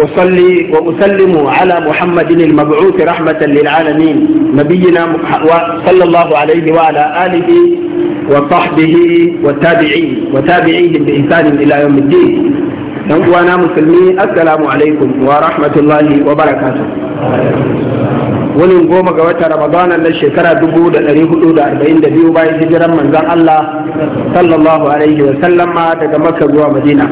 وصلي وأسلم على محمد المبعوث رحمة للعالمين نبينا صلى الله عليه وعلى آله وصحبه والتابعين وتابعيهم بإحسان إلى يوم الدين أخوانا مسلمين السلام عليكم ورحمة الله وبركاته wani goma ga wata ramadana na shekara dubu da ɗari hudu da arba'in da biyu bayan hijiran manzon Allah sallallahu alaihi wa مدينة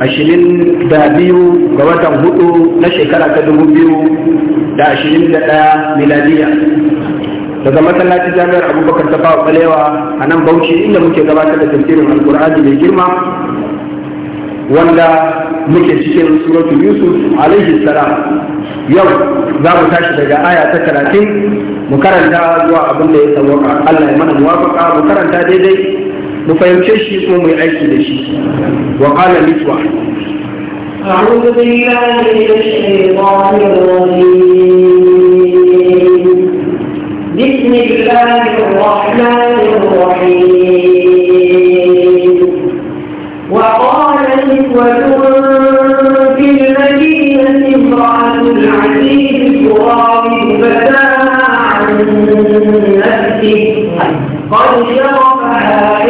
ashirin da biyu ga watan hudu na shekara ta dubu biyu da ashirin da ɗaya miladiya daga masallacin jami'ar abubakar ta bawa balewa a nan bauchi inda muke gabatar da tafsirin alkur'ani mai girma wanda muke cikin suratu yusuf alaihi salam yau za mu tashi daga aya ta talatin mu karanta zuwa abin da ya sauwaka allah ya mana muwafaka mu karanta daidai mu fahimce shi ko mu وقال aiki واحد أعوذ بالله من الشيطان الرجيم بسم الله الرحمن الرحيم وقال نسوة في المدينة امرأة العزيز تراود فتاها عن نفسه قد شرفها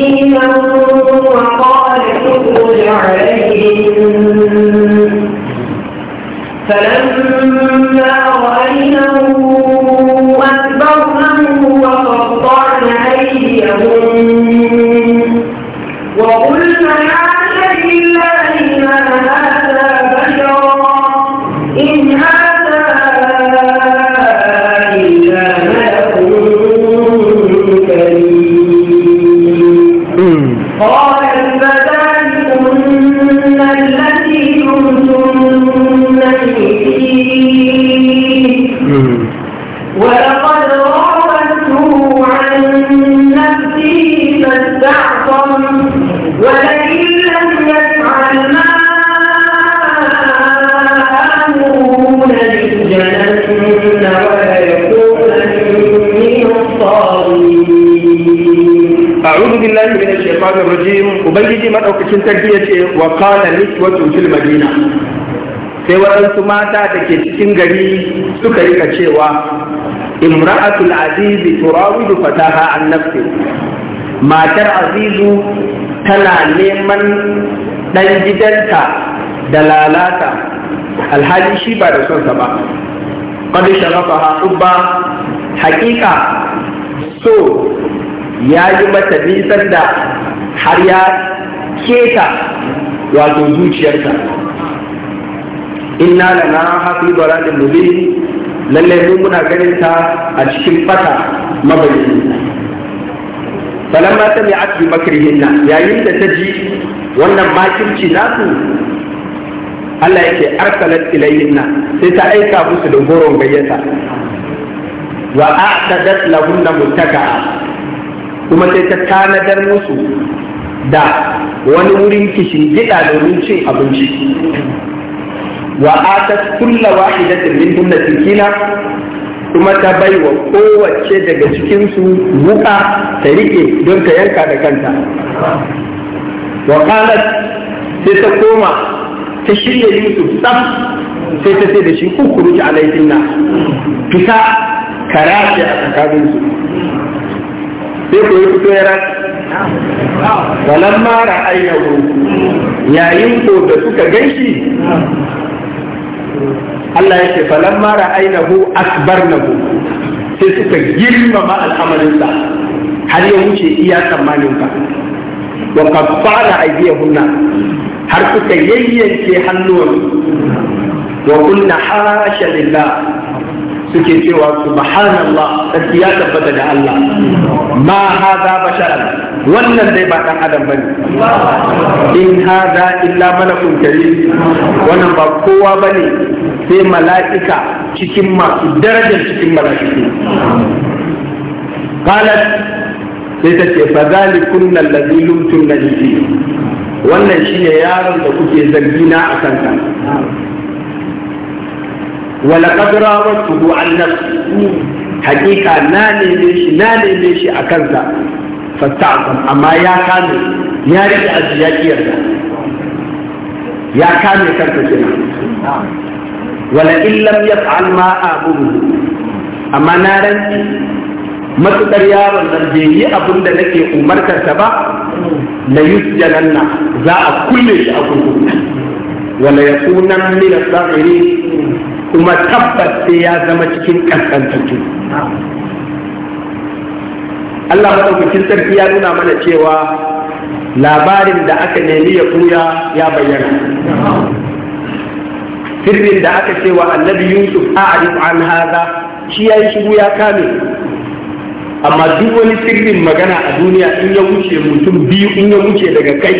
قليلا وقال اخرج عليهم فلما ubangiji maɗaukacin sarki ya ce wa qala niswatu fil madina sai waɗansu mata da ke cikin gari suka rika cewa imra'atul aziz turawidu fataha an nafsi matar azizu tana neman dan gidanta da lalata alhali shi ba da sonsa ba qad sharafaha ubba haƙiƙa so ya yi mata nisan da har ya keta wato zuciyarsa inna na hafi dalalin mubin lalle mu muna ganin ta a cikin fata mabayyana falamma sami'at bi makrihinna yayin da ta ji wannan makirci nasu Allah yake arsalat na sai ta aika musu da goron gayyata wa a'tadat lahunna muttaka kuma sai ta tanadar musu da wani wurin kishin gida domin cin abinci wa ta kulla wahidatin min hunna sikina kuma ta bai wa kowace daga cikinsu wuka ta rike don ta yanka da kanta wa qalat sai ta koma ta shirya yusuf sam sai ta sai da shi kukuru kukuruci na fita karace a tsakaninsu sai ku yi fito ya walan mara ainihu yayin ko da suka ganshi Allah ya ce falan mara ainihu akbar na sai suka girmama al'amarinsa har ya wuce iya tsammanin tsammaninka wa kaffara aidiyahunna har suka yayyanke hannuwan wa kunna hasha lillah suke cewa subhanallah Sarki ya tabbata da Allah ma hada basharan wannan dai ba dan adam bane in hada illa malakun karim wannan ba kowa bane sai mala'ika cikin masu darajar cikin mala'iku qalat sai ta ce fa zalikun allazi lumtun nabi wannan shine yaron da kuke zargi na akan ka ولقد راودته عن نفسي حقيقة ناني ليش ناني ليش أكنت فتعظم أما يا كامل يا رجع زياجي يا كامل كنت جنا ولئن لم يفعل ما أمره أما نارا ما تقدر يا رجل جي أبن لك أمرك سبا ليسجننا ذا كل شيء أبن ولا يكون من الصاغرين kuma tabbat sai ya zama cikin kaskantattu Allah madaukakin sarki ya nuna mana cewa labarin da aka nemi ya kuya ya bayyana sirrin da aka cewa annabi yusuf a'rif an haza shi yayi shiru ya kame amma duk wani sirrin magana a duniya in ya wuce mutum biyu in ya wuce daga kai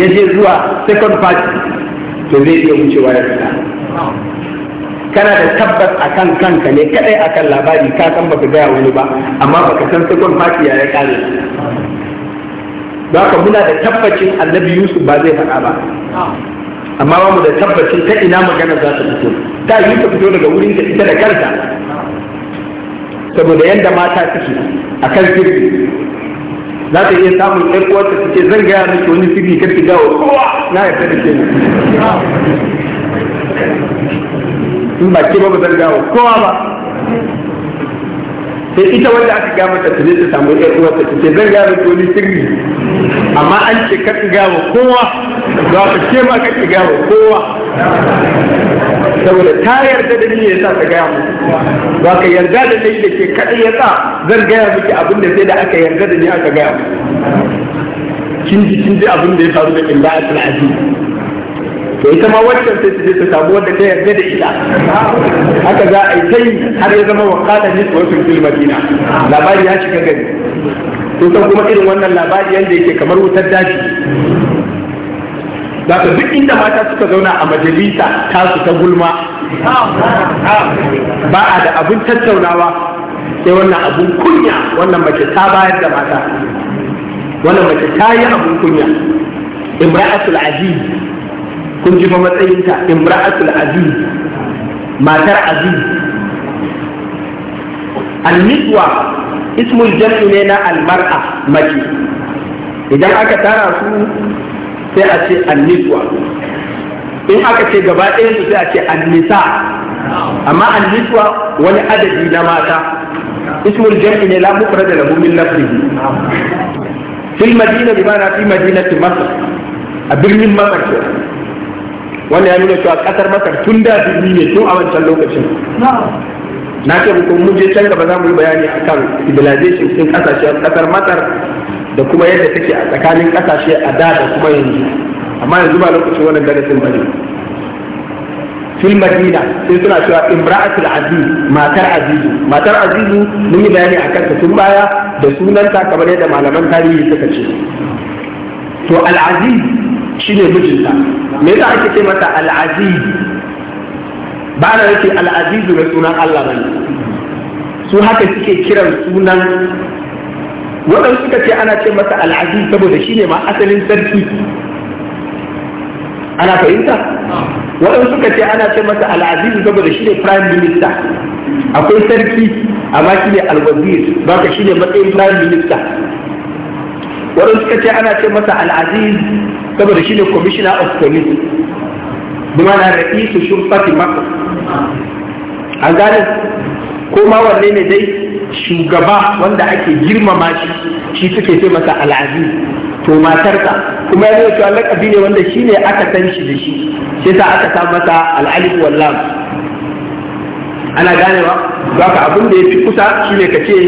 ya je zuwa second party to zai iya wucewa ya fita kana da tabbas a kan kanka ne kadai a kan labari ka san baka gaya wani ba amma baka san sakon fati ya ya kare Ba muna da tabbacin annabi yusuf ba zai faɗa ba amma ba mu da tabbacin ta ina magana za ta fito ta yi ta fito daga wurin ta ita da kanta saboda yadda mata suke a kan sirri za ta iya samun ɗan uwarta suke zan gaya miki wani sirri kar ki gawo kowa na yarda da ke in ba ke ba ba zan wa kowa ba sai ita wanda aka ga mata ta ta samu ɗan uwarta ta ce zan gawo ko ni sirri amma an ce ka gawo kowa ba ka ce ma ka gawo kowa saboda ta yarda da ni ya sa ta gaya ba ka yarda da ni da ke kaɗai ya sa zan gaya miki abin da sai da aka yarda da ni aka gaya mu. kin ji kin ji abin da ya faru da a aziz to ita ma wancan sai su je ta samu wanda ta yarda da ita haka za a yi ta yi har ya zama wakata ne su wasu fil madina labari ya shiga gari to san kuma irin wannan labari yanda yake kamar wutar daji za ka duk inda mata suka zauna a majalisa ta tasu ta gulma ba a da abin tattaunawa sai wannan abun kunya wannan mace ta bayar da mata wannan mace ta yi abun kunya imra'atul aziz kun ji fa matsayinta imra'atul aziz matar aziz al-mitwa ismul jam'i ne na al-mar'a mace idan aka tara su sai a ce al-mitwa in aka ce gaba ɗaya su sai a ce al-nisa amma al-mitwa wani adadi na mata ismul jam'i ne la mufrad da lahu min lafzihi fil madina bi ma'ana fi madinati masr a birnin masar wanda ya nuna cewa kasar masar tun da birni ne tun a wancan lokacin na ce muku mun je can gaba za mu yi bayani akan civilization cikin kasashen ƙasar masar da kuma yadda take a tsakanin ƙasashe a da da kuma yanzu amma yanzu ba lokacin wannan darasin bane fil madina sai suna cewa imra'atul aziz matar azizu matar azizu mun yi bayani a kanta tun baya da sunanta kamar yadda malaman tarihi suka ce to al aziz shi ne mijinta me yasa ake ce mata al'aziz ba na yake al'azizu na sunan Allah bane su haka suke kiran sunan waɗansu suka ce ana ce masa al'aziz saboda shi ne ma asalin sarki ana fahimta waɗansu suka ce ana ce masa al'aziz saboda shi ne prime minister akwai sarki amma shi ne alwazir ba ka shi ne matsayin prime minister waɗansu suka ce ana ce masa al'aziz saboda shi ne commissioner of police bima na ra'isu shurfati maka A gane ko ma wanne ne dai shugaba wanda ake girmama shi shi suke ce masa al'azi to matarka kuma ya cewa lakabi ne wanda shi ne aka san shi da shi sai sa aka sa masa al'alif wallam ana ganewa ba ka abin da ya fi kusa shi ne ka ce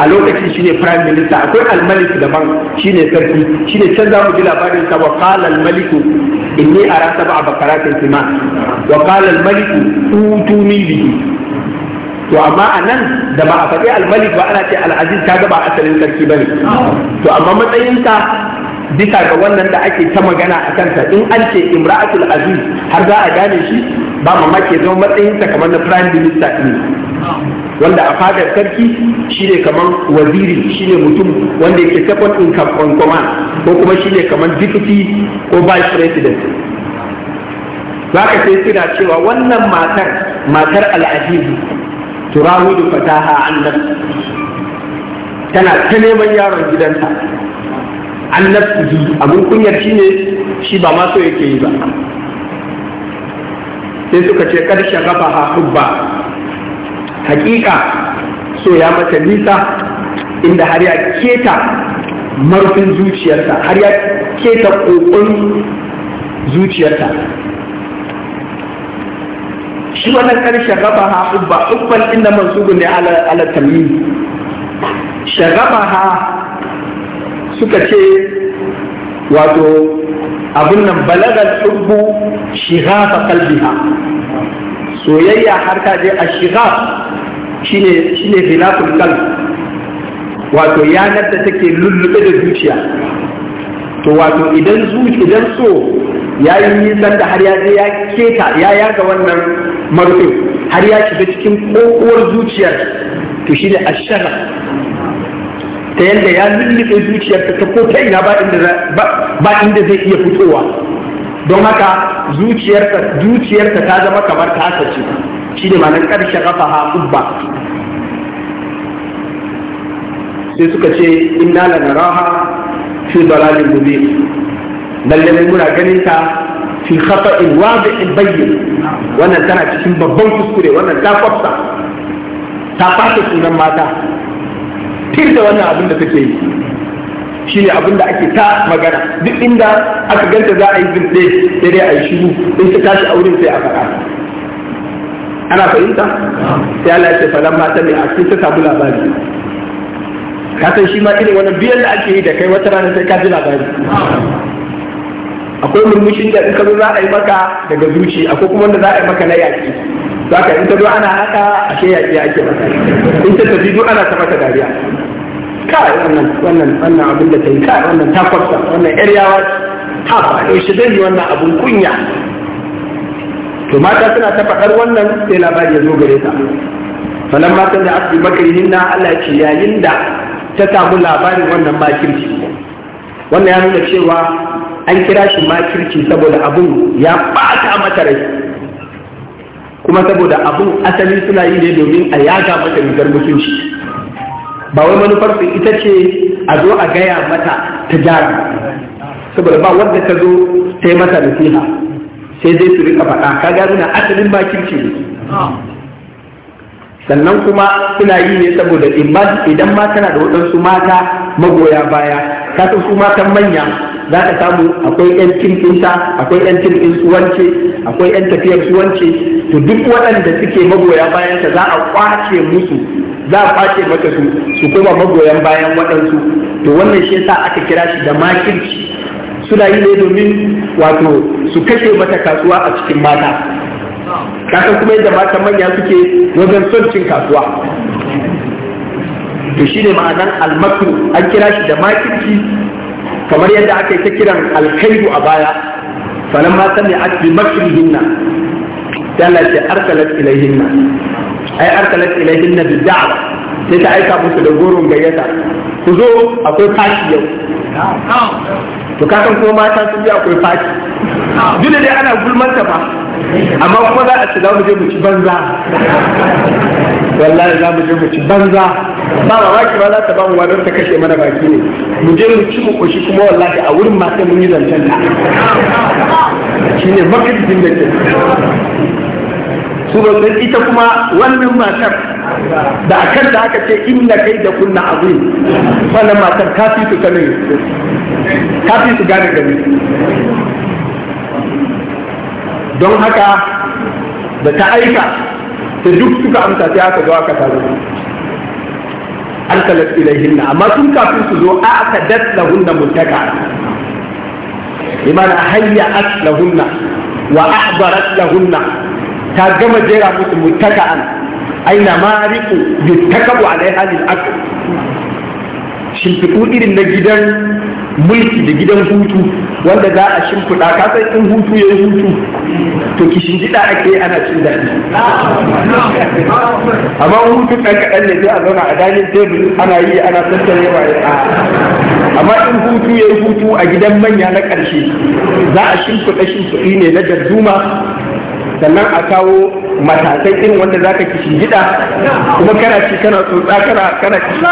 a lokacin shine prime minister akwai al-malik daban shine sarki shine can za mu ji labarin sa wa qala al-malik inni ara sab'a bakaratin sima wa qala al-malik utuni bihi to amma a nan da ba a faɗi al-malik ba ana ce al-aziz kaga ba asalin sarki bane to amma matsayinsa bisa ga wannan da ake ta magana a kansa in an ce imra'atul aziz har za a gane shi ba mamaki zama sa kamar na prime minister ne wanda a fadar sarki shine kaman waziri shine mutum wanda yake second in command ko kuma shine kamar deputy ko vice president za ka sai suna cewa wannan matar matar al'azizi turahudu fataha annab tana ta neman yaron gidanta ji abin kunyar shi ne shi ba maso yake yi ba sai suka ce karshen rafa hubba hakika so ya mata nisa inda har ya keta marfin zuciyarsa har ya keta kokon zuciyarsa shi wannan karshen raba ha ubba ubban inda mansubun ne ala ala tamyiz shagaba ha suka ce wato Abin nan balagar ɗubbu shigafa kalbiha soyayya har ta je a shigaf shine shine khilaful qalb wato yanar da take lullube da zuciya to wato idan zuci idan so ya yi nisan da har ya je ya keta ya yaga wannan marufin har ya shiga cikin kokowar zuciyar to a ashara ta yadda ya lullube zuciyarsa ta ko ta ina ba inda zai iya fitowa don haka zuciyarsa zuciyarsa ta zama kamar tasa ce shi ne ma'anar ƙarshe kafa ha ubba sai suka ce inna la naraha fi dalalin mubin lalle muna ganin ta fi khata'in in bayyin wannan tana cikin babban kuskure wannan ta kwafsa ta fata sunan mata tir da wannan abin da take yi shi ne abin da ake ta magana duk inda aka ganta za a yi zirɗe sai dai a yi shiru in ta tashi auren sai a faɗa ana fahimta sai Allah ya ce falan mata ne a sai ta samu labari ka san shi ma irin wannan biyan da ake yi da kai wata rana sai ka ji labari akwai murmushin da in ka zo za a yi maka daga zuci akwai kuma wanda za a yi maka na yaƙi saka in ta zo ana haka ashe yaƙi ake mata in ta tafi duk ana ta mata dariya kai wannan wannan wannan abin da ta yi kai wannan ta kwatsa wannan yar ta faɗo shi zai yi wannan abin kunya to mata suna ta faɗar wannan sai labari ya zo gare ta falan matan da asbi makarihin na Allah ya ce yayin da ta samu labarin wannan makirci wannan ya nuna cewa an kira shi makirci saboda abun ya ɓata mata rai kuma saboda abun asali suna yi ne domin a yaga mata rigar mutunci ba wai manufar su ita ce a zo a gaya mata ta gyara saboda ba wanda ta zo ta yi mata nasiha sai zai su rika faɗa ka gano na asalin makirci ne sannan kuma suna yi ne saboda idan ma tana da waɗansu mata magoya baya ka san matan manya za ka samu akwai yan kirkinta akwai yan kirkin suwance akwai yan tafiyar suwance to duk waɗanda suke magoya bayan ka za a kwace musu za a kwace maka su su kuma magoyan bayan waɗansu to wannan shi yasa aka kira shi da makirci suna yi ne domin wato su kashe mata kasuwa a cikin mata kasan kuma yadda matan manya suke wajen son cin kasuwa to shi shine ma'anan almakru an kira shi da makirci kamar yadda aka yi ta kiran alkaidu a baya falan ma sami a bi makrihinna ta lace ilai ilaihinna ai ilai ilaihinna bi da'wa sai ta aika musu da goron gayyata ku zo akwai fashi yau to ka san ko mata sun yi akwai fashi duk dai ana gulmanta fa amma kuma za a ci za mu je mu ci banza wallahi za mu je mu ci banza ba mamaki ba za ta ba mu wadar ta kashe mana baki ne mu je mu ci mu koshi kuma wallahi a wurin ma sai mun yi zancen ta ne makarfin da ke su ban ita kuma wannan matar da akan da aka ce inna kai da kunna abu wannan matar ta fi su sanin ta fi su gane gani don haka da ta aika da duk suka amsa sai aka zo aka taru arsalat ilayhinna amma sun kafin su zo a aka daslahunna muttaka bimana hayya aslahunna wa ahbarat lahunna ta gama jera musu muttaka'an aina mariku yuttakabu alaiha lil akl shimfiɗu irin na gidan mulki da gidan hutu wanda za a shimfiɗa ka san in hutu ya yi hutu to ki shimfiɗa ake ana cin daɗi amma hutu ɗan kaɗan ne sai a zauna a dalin tebur ana yi ana yawa ya a amma in hutu ya yi hutu a gidan manya na ƙarshe za a shimfiɗa shimfiɗi ne na darduma sannan a kawo matasai irin wanda za ka kishi gida kuma kana ci kana tsotsa kana kana kishi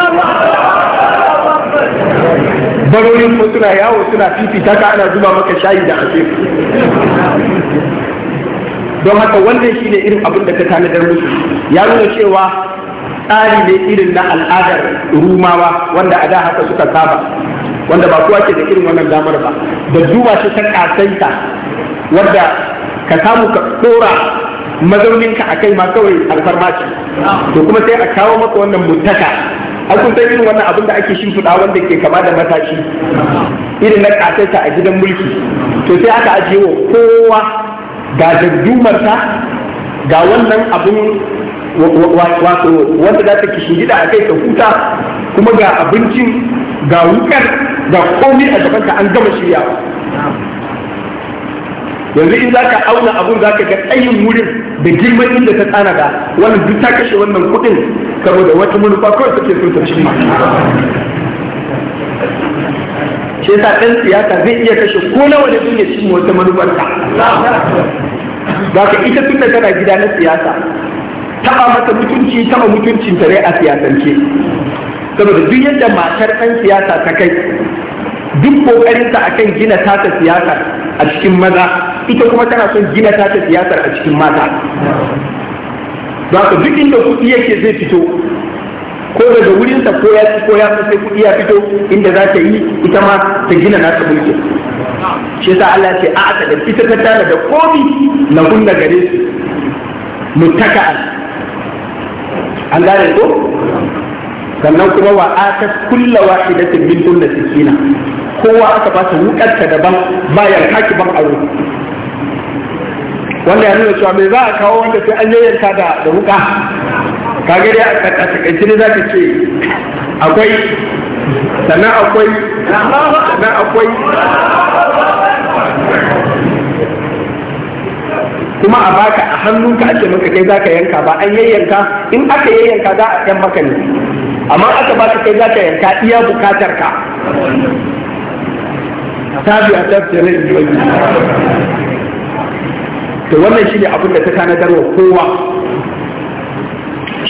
barorin ko suna yawo suna fifita ka ana zuba maka shayi da ake don haka wannan shine irin abin da ka tanadar musu ya nuna cewa tsari ne irin na al'adar rumawa wanda a da haka suka saba wanda ba kowa ke da irin wannan damar ba da duba shi ta kasanta wadda ka samu ka dora mazauninka a kai ma kawai alfarmaci to kuma sai a kawo maka wannan mutaka an kun san irin wannan abin da ake shimfiɗa wanda ke kama da matashi irin na ƙasaita a gidan mulki to sai aka ajiye wa kowa ga daddumarsa ga wannan abin wato wanda za ta kishin gida a kai ka huta kuma ga abincin ga wukar ga komai a gabanka an gama shirya yanzu in za ka auna abun za ka ga tsayin wurin da girman inda ta tsana ga wannan duk ta kashe wannan kuɗin saboda wata manufa kawai suke so ta ciki shi yasa ɗan siyasa zai iya kashe ko nawa ne duniya cin wata manufarta ba ka ita tun da tana gida na siyasa taɓa mata mutunci taɓa mutunci ta a siyasance saboda duk yadda matar ɗan siyasa ta kai duk ƙoƙarinta akan gina tata siyasa a cikin maza ita kuma tana son gina tata siyasar a cikin mata don haka duk inda kuɗi yake zai fito ko daga wurinsa ko ya fi ko ya sai kuɗi ya fito inda za ta yi ita ma ta gina nata mulkin shi yasa Allah ce a aka da ita ta tara da kofi na kunna gare su mutaka'an an gane ko sannan kuma wa aka kulla wahidatin min dunna sikina kowa aka ba ta wukarta daban bayan haki ban aure wanda ya nuna cewa mai za a kawo wanda sai an yayyanka da da wuka ka gari a takaice ne za ka ce akwai sannan akwai sannan akwai kuma a baka a hannunka ake maka kai za ka yanka ba an yayyanka in aka yayyanka za a yan maka ne amma aka baka kai za ka yanka iya bukatar ka tafiya tafiya tafi rai to wannan shine abin da ta tanadar wa kowa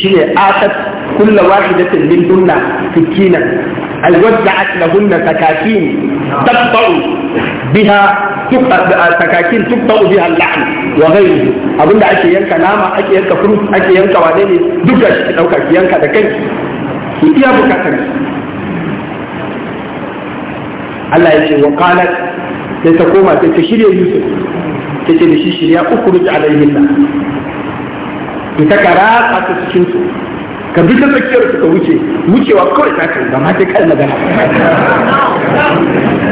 shine atat kullu wahidatin min dunna sikinan ay wadda'at lahunna sakakin taqta'u biha sakakin tuqta'u biha al-la'n wa ghayruhu abinda ake yanka nama ake yanka fruit ake yanka wane ne duka shi dauka ki yanka da kai ki iya bukatar Allah ya ce wa qalat sai ta koma sai ta shirye Yusuf ta da shi shirya uku rufe alayhin nan in ta kara a ta cikin su ka bi ta tsakiyar su ka wuce wucewa kawai ta kan ma ta kai magana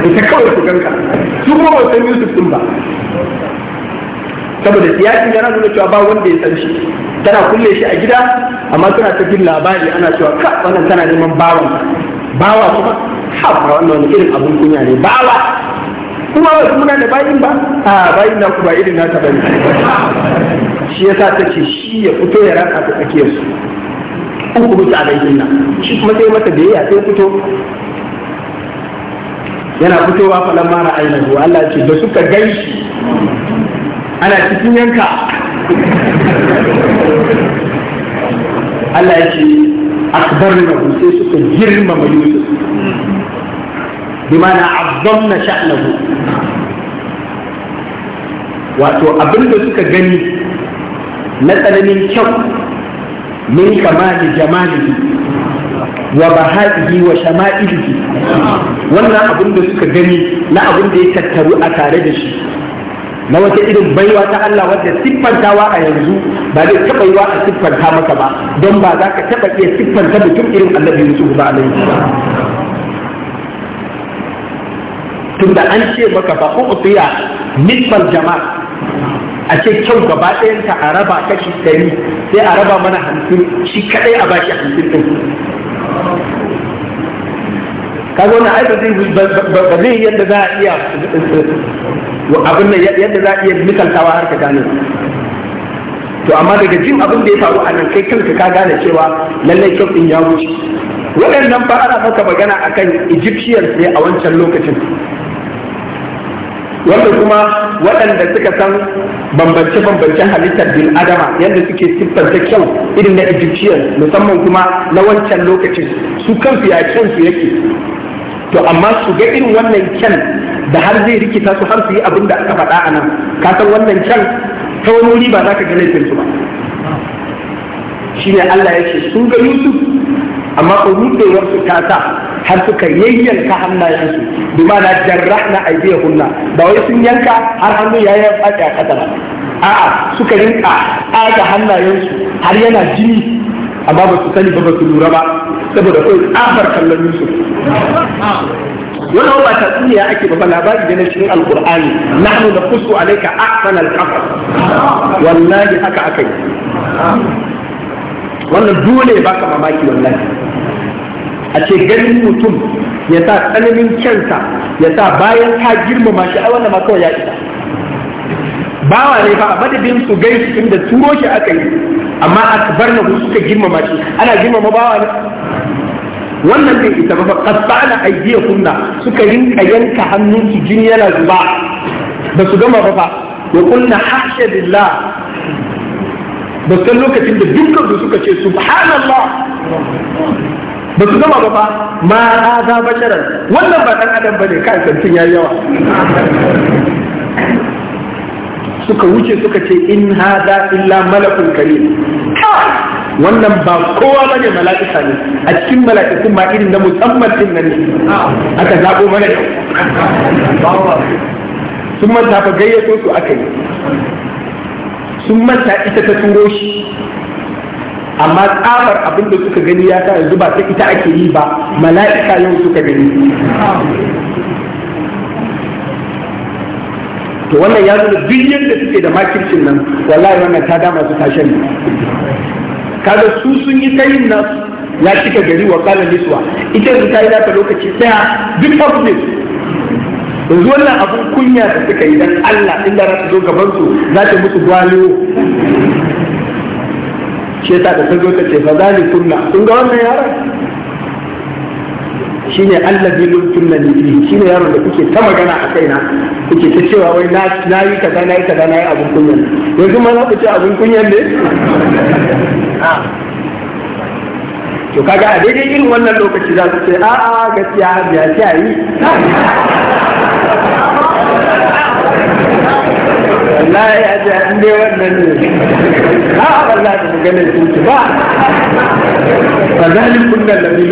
ita kawai su ganka su kuma ba san yusuf din ba saboda siyasi yana nuna cewa ba wanda ya san shi tana kulle shi a gida amma suna ta jin labari ana cewa ka wannan tana neman bawa bawa kuma ha ba wannan wani irin abun kunya ne bawa kuma wasu muna da bayin ba a bayin na ku ba irin nata ba ne shi sa ta ce shi ya fito ya raka ta tsakiyar su an kuma ta a bayin nan shi kuma sai mata da yaya sai fito yana fitowa falon mara ainihu Allah ce da suka gan shi ana cikin yanka Allah ya ce akbar na sai suka mai Yusuf bimana azzamna sha'nahu wato da suka gani na tsananin kyau min kamali jamalihi wa baha'ihi wa shama'ilihi wannan abin da suka gani na abin da ya tattaru a tare da shi na wata irin baiwa ta Allah wadda siffantawa a yanzu ba zai taɓa wa a siffanta maka ba don ba za ka taɓa iya siffanta mutum irin annabi Yusuf ba alaihi tunda an ce maka ba ku ufiya nisbar jama'a a ce kyau gaba ɗayanta a raba kashi ɗari sai a raba mana hamsin shi kaɗai a baki hamsin ɗin kaga wannan ai ba zai yadda za a iya abin nan yadda za a iya misaltawa har ka gane to amma daga jin abin da ya faru a nan kai kanka ka gane cewa lallai kyau ɗin ya wuce waɗannan ba ana maka magana akan egyptians ne a wancan lokacin wanda kuma waɗanda suka san bambance-bambancen halittar bil adama yadda suke siffanta kyau irin na egyptian musamman kuma na wancan lokacin su kansu ya kyansu yake to amma su ga irin wannan kyan da har zai rikita su har su yi abin da aka faɗa a nan ka wannan kyan ta wani wuri ba za ka ga laifinsu ba shine Allah ya ce sun ga Yusuf amma ko rubewar su ta har suka yayyanka hannayensu bi na jarrahna aydiyahunna ba wai sun yanka har hannu ya yi fadi a kasa a'a suka rinka hannayen hannayensu har yana jini amma ba su sani ba ba su lura ba saboda kai kafar kallon Yusuf wannan ba ta tsuniya ake ba labari da na cikin alqur'ani nahnu naqussu alayka ahsan alqasas wallahi haka akai wannan dole baka mamaki wallahi a ce ganin mutum ya sa tsananin kyansa ya sa bayan ta girmama shi a wannan makawa kawai ya isa bawa ne ba a madadin su gai su inda turo shi aka yi amma a bar na suka girmama shi ana girmama bawa ne wannan bai isa ba kasba ana aidiya kunna suka rinka yanka hannun su jini yana zuba ba su gama ba ba kunna "Hashe biLlah!" ba san lokacin da dukkan su suka ce subhanallah ba su gama ba fa ma ba basharan wannan ba dan adam bane kai tantin yayi yawa suka wuce suka ce in hada illa malakun karim wannan ba kowa bane mala'ika ne a cikin mala'ikun ma irin na musamman din nan aka zabo mana yau sun manta fa gayyato su aka yi sun manta ita ta turo shi amma tsabar abin da suka gani ya sa yanzu ba ta ita ake yi ba mala'ika yau suka gani to wannan ya zama duk yadda suke da makircin nan wallahi wannan ta dama su tashen ne su sun yi tayin nan ya cika gari wa kala niswa ita su yi nata lokaci tsaya duk public yanzu wannan abun kunya da suka yi dan Allah inda za su zo gaban za ta musu gwalo shi yasa da sazo ta ce fa kunna. kun ga wannan yaron shine allazi lumtunna ni shine yaron da kuke ta magana a kaina kuke ta cewa wai na na yi ta na yi kaza na yi abun kunya yanzu ma na ku ce abun kunya ne to kaga a daidai irin wannan lokaci za su ce a'a gaskiya ya ce yi wallahi a ce an dai wannan ne a wallahi da maganar tuki ba ba zalin kunnan da ne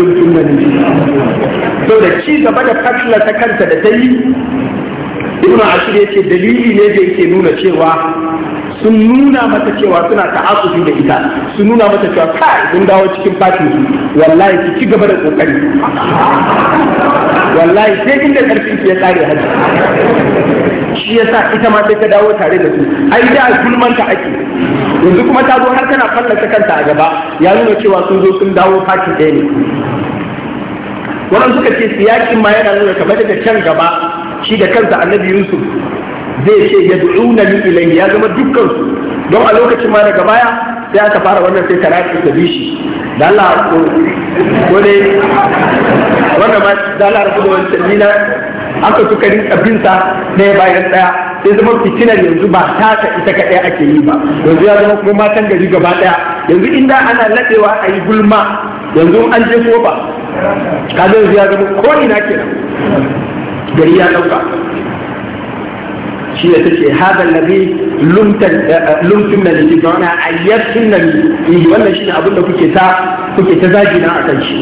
to da ci gaba da fasila ta kanta da ta yi ibn ashir ya ce dalili ne da yake nuna cewa sun nuna mata cewa suna ta'asufi da ita sun nuna mata cewa kai dawo cikin fati wallahi ki ci gaba da kokari wallahi sai inda karfin ki ya tsare haji shi yasa ita ma sai ta dawo tare da su ai da gulmanta ake yanzu kuma ta zo har tana fallaka kanta a gaba ya nuna cewa sun zo sun dawo fati ɗaya ne wannan suka ce siyakin ma yana nuna kamar da can gaba shi da kansa annabi yusuf zai ce ya du'una ni ilayhi ya zama dukkansu don a lokacin ma daga baya sai aka fara wannan sai rafi ta bishi da Allah ko ne wannan ma da Allah rabu da wancan nina aka suka rinka na ɗaya bayan ɗaya sai zama fitinar yanzu ba ta ita kaɗai ake yi ba yanzu ya zama kuma matan gari gaba ɗaya yanzu inda ana naɗewa a yi gulma yanzu an je ba ka zai ya zama ko ina kenan gari ya ɗauka shi da take hada nabi lumtun eh, eh, na liji ga wani ayyatun na liji wannan shi ne abin da kuke ta kuke ta zagi na a kan shi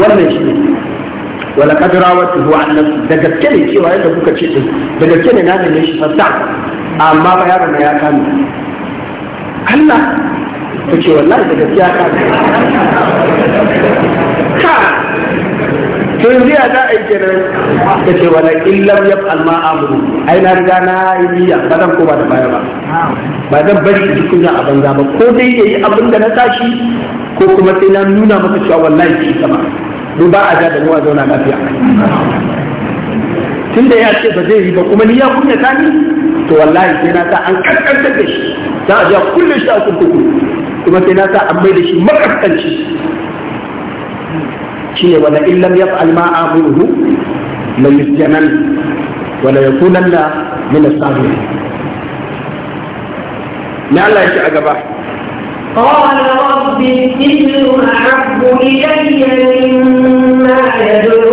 wannan shi ne wala kadara wata huwa annan da gaske ne cewa yadda kuka ce din da gaske ne na gane shi fasta amma ba yaro na ya kame Allah ta ce wallahi da gaske ya kame ka to yanzu ya za a yi kenan ta ce wani illam yaf alma amuru ai na riga na yi miya ba zan koma da baya ba ba zan bari ki kunya a banza ba ko dai ya yi abin da na tashi ko kuma sai na nuna maka cewa wallahi ki sama don ba a ja da mu zauna lafiya tun da ya ce ba zai yi ba kuma ni ya kunya ta ni to wallahi sai na sa an kankanta da shi za a ja kullum shi a kurkuku kuma sai na sa an mai da shi makaskanci ولا إن لم يفعل ما أمره لن يسجنن ولا يكون الله من الصابرين يا الله قال ربي سجن أحب إلي مما يدعون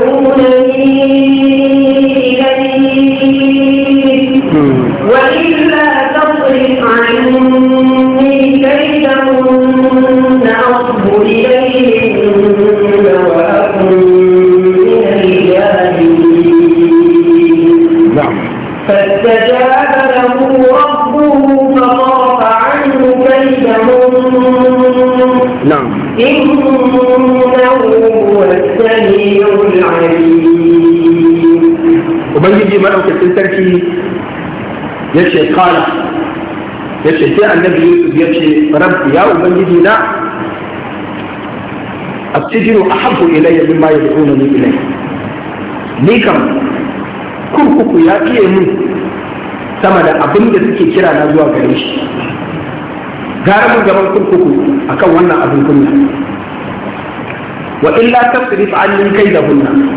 madaukakin sarki ya ce kala ya ce sai annabi yusuf ya ce rabbi ya ubangiji na asjiru ahabbu ilayya mimma yad'unani ilayhi ni kam kurkuku ya fiye mun sama da abin da suke kira na zuwa gare shi gara mun gaban kurkuku akan wannan abin kunya wa illa kai da kaidahunna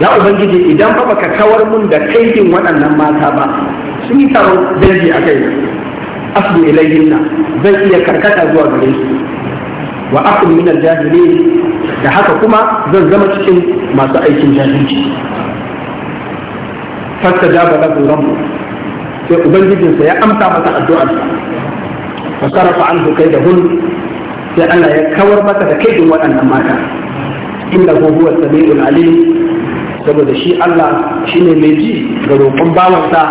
ya ubangiji idan ba baka kawar mun da kaidin waɗannan mata ba sun yi taro daji a kai asu ilayhinna zan iya karkata zuwa gare su wa akun min al-jahilin da haka kuma zan zama cikin masu aikin jahilci fasta jaba lahu rabbu sai ubangijinsa ya amsa masa addu'arsa fa sarafa anhu hunu sai Allah ya kawar masa da kaidin waɗannan mata innahu huwa samiul alim saboda shi Allah shi ne mai ji ga roƙon bawansa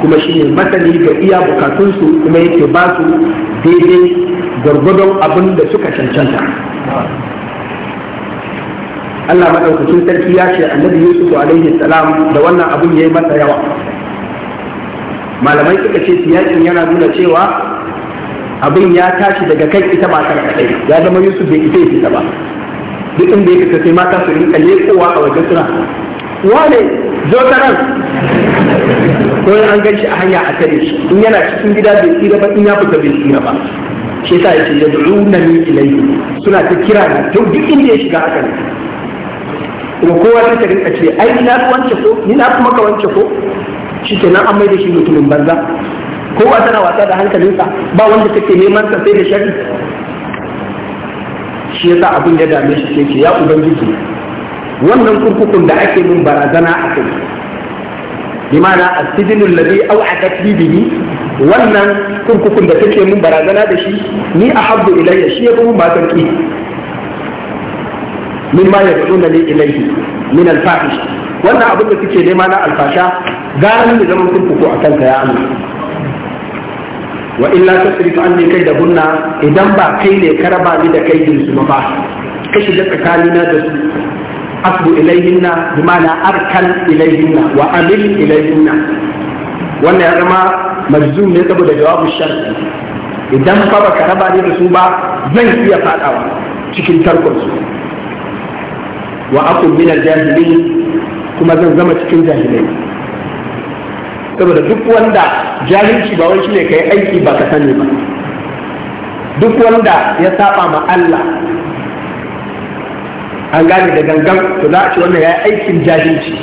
kuma shi ne masani ga iya bukatunsu kuma yake ba su daidai gwargwadon abin da suka cancanta Allah maɗaukacin sarki ya ce annabi Yusuf alaihi salam da wannan abin ya yi masa yawa malamai suka ce siyakin yana nuna cewa abin ya tashi daga kai ita ba ya zama Yusuf bai ita ita ba duk inda ya kasance mata su rinka lekowa a wajen suna wane zo ta nan ko an gan shi a hanya a tare shi in yana cikin gida bai tsira ba in ya fita bai tsira ba shi yasa na ni ilayhi suna ta kira ni duk duk inda ya shiga haka ne kuma kowa sai ta rinka ce ai na ina wance ko ni na kuma ka wance ko shi nan an mai da shi mutumin banza kowa tana wasa da hankalinsa ba wanda take neman sa sai da shari'a shi yasa abin ya dame shi sai ce ya ubangiji wannan kurkukun da ake min barazana a kai bimana asijinul ladhi au'adat li bihi wannan kurkukun da take min barazana da shi ni ahabbu ilayya shi yafi mun ba sarki min ma yad'una li ilayhi min al-fahish wannan abin da suke nema na alfasha ganin da zaman kurkuku akan ka ya Allah wa illa tasrifu anni kai da bunna idan ba kai ne ka raba ni da kai din su ba ka shiga tsakanina da su asbu ilayhinna bi na arkan ilayhinna wa amil wannan ya zama majzum ne saboda jawabu sharti idan fa ka raba ni da su ba zan iya fadawa cikin tarkon su wa min al-jahilin kuma zan zama cikin jahilai saboda duk wanda jahilci ba wai shine kai aiki ba ka sani ba duk wanda ya saba ma Allah an gane da gangan to za a ce wannan ya yi aikin jahilci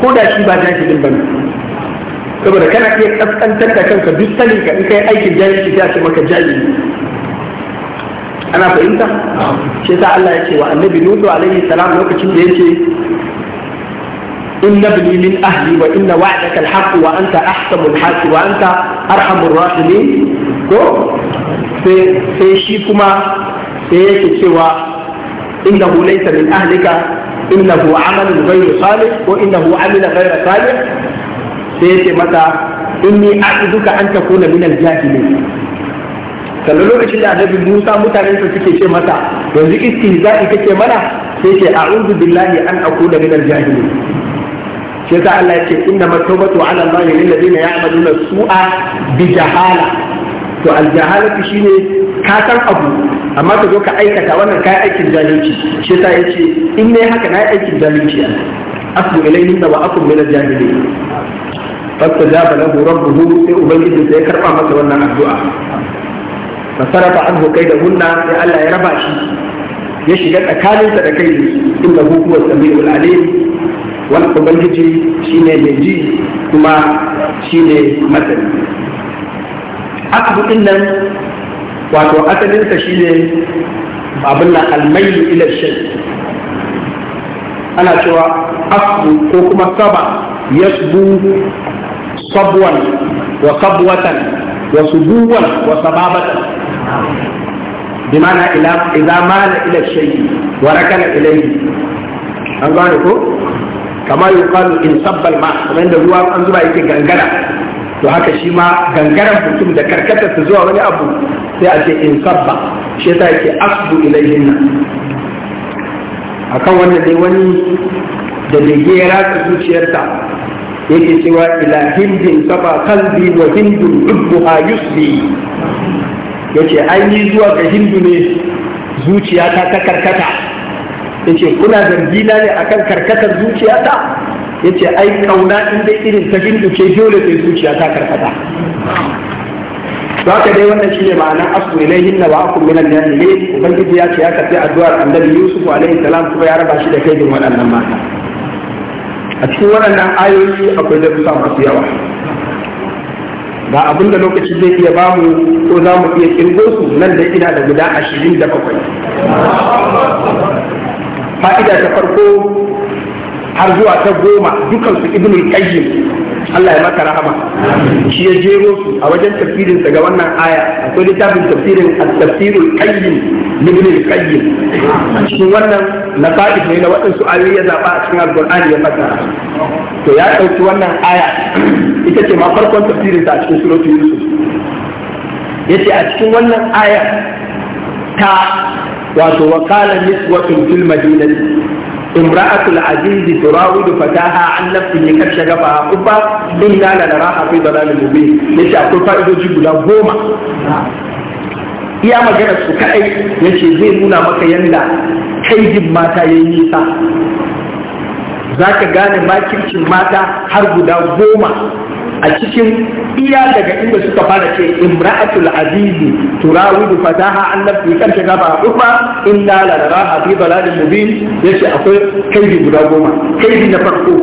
ko da shi ba jahilin ba ne saboda kana iya kaskantar da kanka duk sani ka in kai aikin jahilci sai a ce maka jahili ana fahimta shi ta Allah ya ce wa annabi Nuhu alaihi salam lokacin da yake إن ابني من أهلي وإن وعدك الحق وأنت أحكم الحاكم وأنت أرحم الراحمين sai shi kuma sai yake cewa innahu laysa min ahlika innahu amalun ghayru salih ko innahu amila ghayra salih sai yake mata inni a'uduka an min lokacin da annabi Musa mutanen sa suke ce mata yanzu istihza'i kake mana sai ce a'udhu billahi an akuna min al-jahilin shi yasa Allah ya ce inna matawbatu ala Allah lil ladina ya'maluna su'a bi jahala to al shi ne ka san abu amma ka zo ka aikata wannan kai aikin zalunci shi yasa yace in ne haka na aikin zalunci asbu ilayhi wa akum min al jahilin fastajaba lahu rabbuhu sai ubangiji sai ya karba masa wannan addu'a fasarafa anhu kaidahunna sai Allah ya raba shi ya shiga tsakaninsa da kai inda huwa samiul alim wani ubangiji shine mai ji kuma shine masani asibin nan wato asalinsa shine abin nan almayi ila shai ana cewa asbu ko kuma saba ya yasbu sabwan wa sabwatan wa subuwan wa sababatan bimana ila idza mala ila shay'i wa rakana ilayhi an gane ko kama yuqalu in sabbal ma kamar da ruwa an zuba yake gangara to haka shi ma gangaran mutum da karkatar su zuwa wani abu sai a ce in sabba shi yasa yake asbu ilayhin nan akan wannan wani da bege ya ratsa zuciyarsa yake cewa ila hindin saba kalbi wa hindun ubbuha yusbi yace ai ni zuwa ga hindu ne zuciya ta karkata yace kuna zargi na ne akan karkatar zuciyata yace ai kauna in dai irin ta ke dole sai zuciya ta karkata to dai wannan shine ma'ana asu ilaihin na wa akum minan jahilin ubangiji ya ce ya karbi addu'ar annabi yusuf alaihi salam kuma ya raba shi da din waɗannan mata a cikin waɗannan ayoyi akwai kusa masu yawa ba abin da lokaci zai iya ba mu ko za mu iya kirgo su nan da ina da guda ashirin da bakwai fa'ida ta farko har zuwa ta goma dukansu ibn qayyim Allah ya maka rahama shi ya jero su a wajen tafsirin ga wannan aya akwai littafin tafsirin a tafsirul qayyim ibn qayyim shi wannan na fa'id ne na waɗansu ayoyi ya zaba a cikin alqur'ani ya fassara to ya ɗauki wannan aya ita ce ma farkon tafsirin ta a cikin suratul yusuf yace a cikin wannan aya ta واتو وقال نسوة في المدينة امرأة العزيز تراود فتاها عن نفسه كيف شغفها قبا إنا لنراها في ضلال مبين نسي أقول فائدو جيبو لهم يا مجرد سكائي نسي زيبونا مكيان لا كيجب ما تاينيسا ذاك غاني ما كيبش المات حرب دا غوما a cikin iya daga inda suka fara ce imra'atul azizi turawidu fataha an nafsi kan shiga gaba Inda inna la naraha fi baladin mubin yace akwai kaidi guda goma kaidi na farko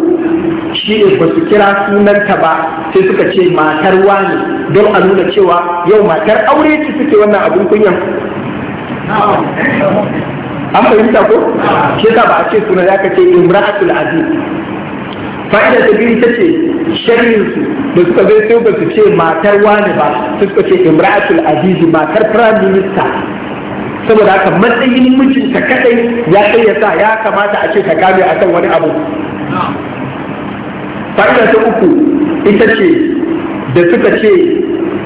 shi ne ba su kira sunanta ba sai suka ce matar wani don a nuna cewa yau matar aure ce suke wannan abin kunyan an fahimta ko shi ba a ce suna ya kace ce imra'atul aziz fa'ida ta biyu ta ce sharrinsu da suka zai sai ba su ce matar wani ba su suka ce imra'atul azizi matar prime minister saboda haka matsayin mijinta kadai ya kai ya ya kamata a ce ta a kan wani abu fa'ida ta uku ita ce da suka ce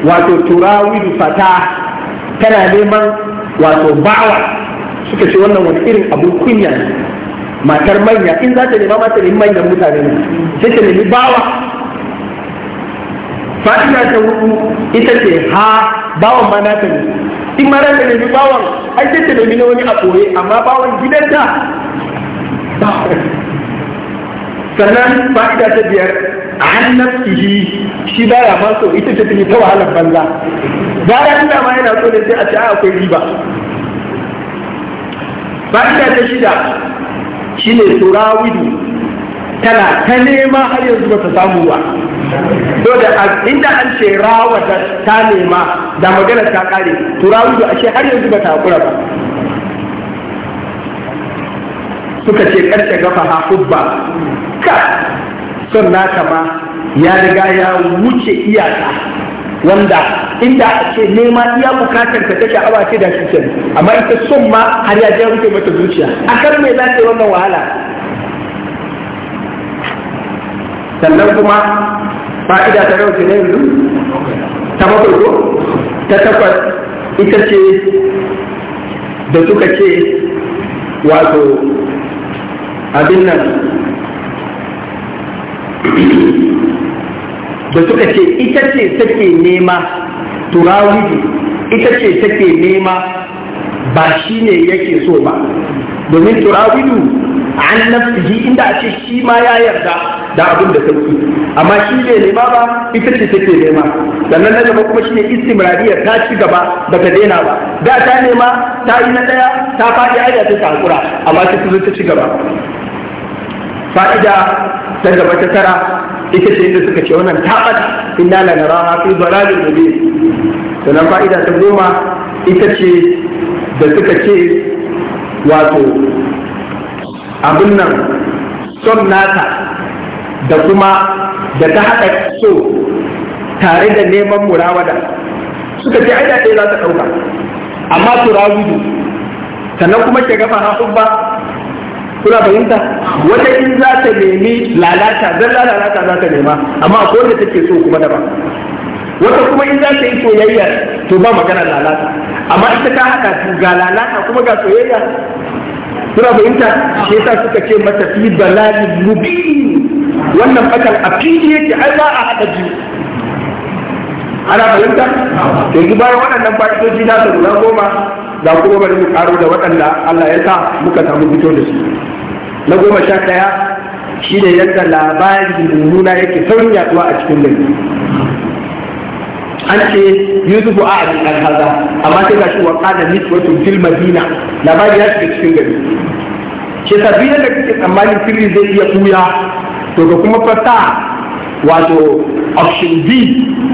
wato turawidu fata tana neman wato bawa suka ce wannan wani irin abu kunya ne matar manya in za ta nema ma ta nemi manyan mutane ne sai ta nemi bawa fa'ina ta hudu ita ce ha bawan ma na ta ne in ma za ta nemi bawan ai sai ta nemi na wani a koye amma bawan gidanta sannan fa'ida ta biyar a hannun nafsihi shi ba ya so ita ce take ta wahalar banza ya ina ma yana so ne sai a ce akwai riba fa'ida ta shida shine turawidu tana ta nema har yanzu ba ta samu ba to da inda an ce rawa ta nema da magana ta kare turawidu ashe har yanzu ba ta kura ba suka ce karshe gafa ha hubba ka son naka ma ya riga ya wuce iyaka wanda inda a ce nema iya bukatar ka ta awa ce da shi ke amma ita son ma har ya je rufe mata zuciya a kan me za ta yi wannan wahala sannan kuma fa'ida ta rauke na yanzu ta bakwai ta takwas ita ce da suka ce wato abin nan da suka ce ita ce take nema turawidi ita ce take nema ba shi ne yake so ba domin turawidu an nafsihi inda a ce shi ma ya yarda da abin da sauki amma shi ne nema ba ita ce take nema sannan na gaba kuma shi shine istimrariya ta ci gaba ba ta daina ba da ta nema ta yi na daya ta faɗi aida ta takura amma ta ci gaba fa'ida ta gaba ta tara ita ce inda suka ce wannan tabat inna la naraha fi dalalin mubin na fa'ida ta goma ita ce da suka ce wato abin nan son nata da kuma da ta haɗa so tare da neman murawada suka ce aida ɗaya za ta ɗauka amma turawidu sannan kuma ke gafa na ba kuna fahimta wata in za ta nemi lalata zan lalata za ta nema amma akwai wanda take so kuma daban wata kuma in za ta yi soyayya to ba magana lalata amma ita ta haka ga lalata kuma ga soyayya kuna fahimta shi yasa suka ce mata fi balali mubin wannan fatan a fiye yake ai za a haɗa biyu ana fahimta yanzu bayan waɗannan fa'idoji na su guda goma da kuma bari mu karo da waɗanda Allah ya sa muka samu fito da su na goma sha ɗaya shi ne yadda labarin nuna yake saurin yaduwa a cikin gari an ce yusufu a abin alhaza amma sai gashi wa kana mitwatu fil madina labari ya shiga cikin gari ke sabiya da kake tsammanin sirri zai iya tuya to ga kuma fata wato option b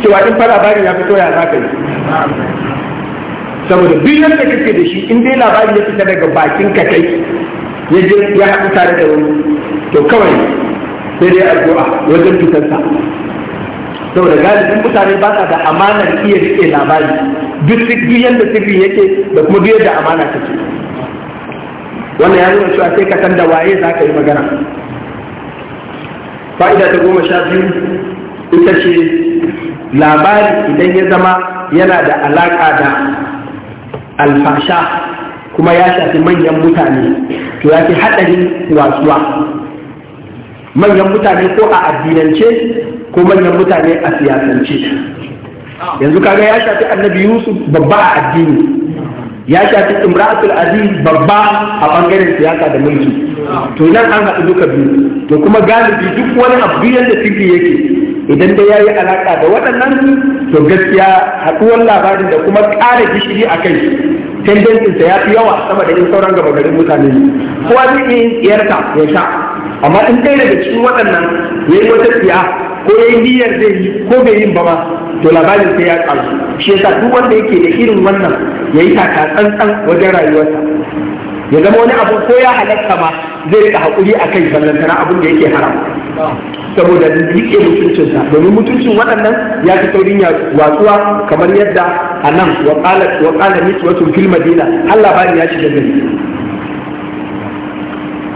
cewa in fara labarin ya fito ya zaka yi saboda duk yadda kake da shi in dai labari ya fita daga bakin ka kai ya je ya haɗu tare da wani to kawai sai dai addu'a wajen fitarsa saboda galibin mutane ba sa da amanar iya rike labari duk duk yadda sirri yake da kuma duk yadda amana take wannan ya nuna cewa sai ka san da waye za ka yi magana fa'ida ta goma sha biyu ita ce labari idan ya zama yana da alaƙa da alfasha kuma ya shafi manyan mutane to ya fi haɗarin wasuwa manyan mutane ko a addinance ko manyan mutane a siyasance yanzu kaga ya shafi annabi yusuf babba a addini ya shafi imratul aziz babba a ɓangaren siyasa da mulki to nan an haɗu duka biyu to kuma galibi duk wani abu yadda fifi yake idan dai ya yi alaƙa da waɗannan to gaskiya haɗuwar labarin da kuma ƙara gishiri a kai tendensinsa ya fi yawa sama da yin sauran gaba garin mutane kowa zai iya yin tsiyarta ya sha amma in ɗaya daga cikin waɗannan ya yi wata tsiya ko ya yi niyyar zai yi ko bai yin ba ma to labarin sai ya ƙaru shi yasa duk wanda yake da irin wannan ya yi taka tsantsan wajen rayuwarsa ya zama wani abu ko ya halatta ma zai riƙa haƙuri a kai ballantana abin da yake haram saboda rike mutuncinsa domin mutuncin waɗannan ya fi saurin ya watsuwa kamar yadda a nan wa ƙala nisbatun fil madina Allah ba ya shiga gari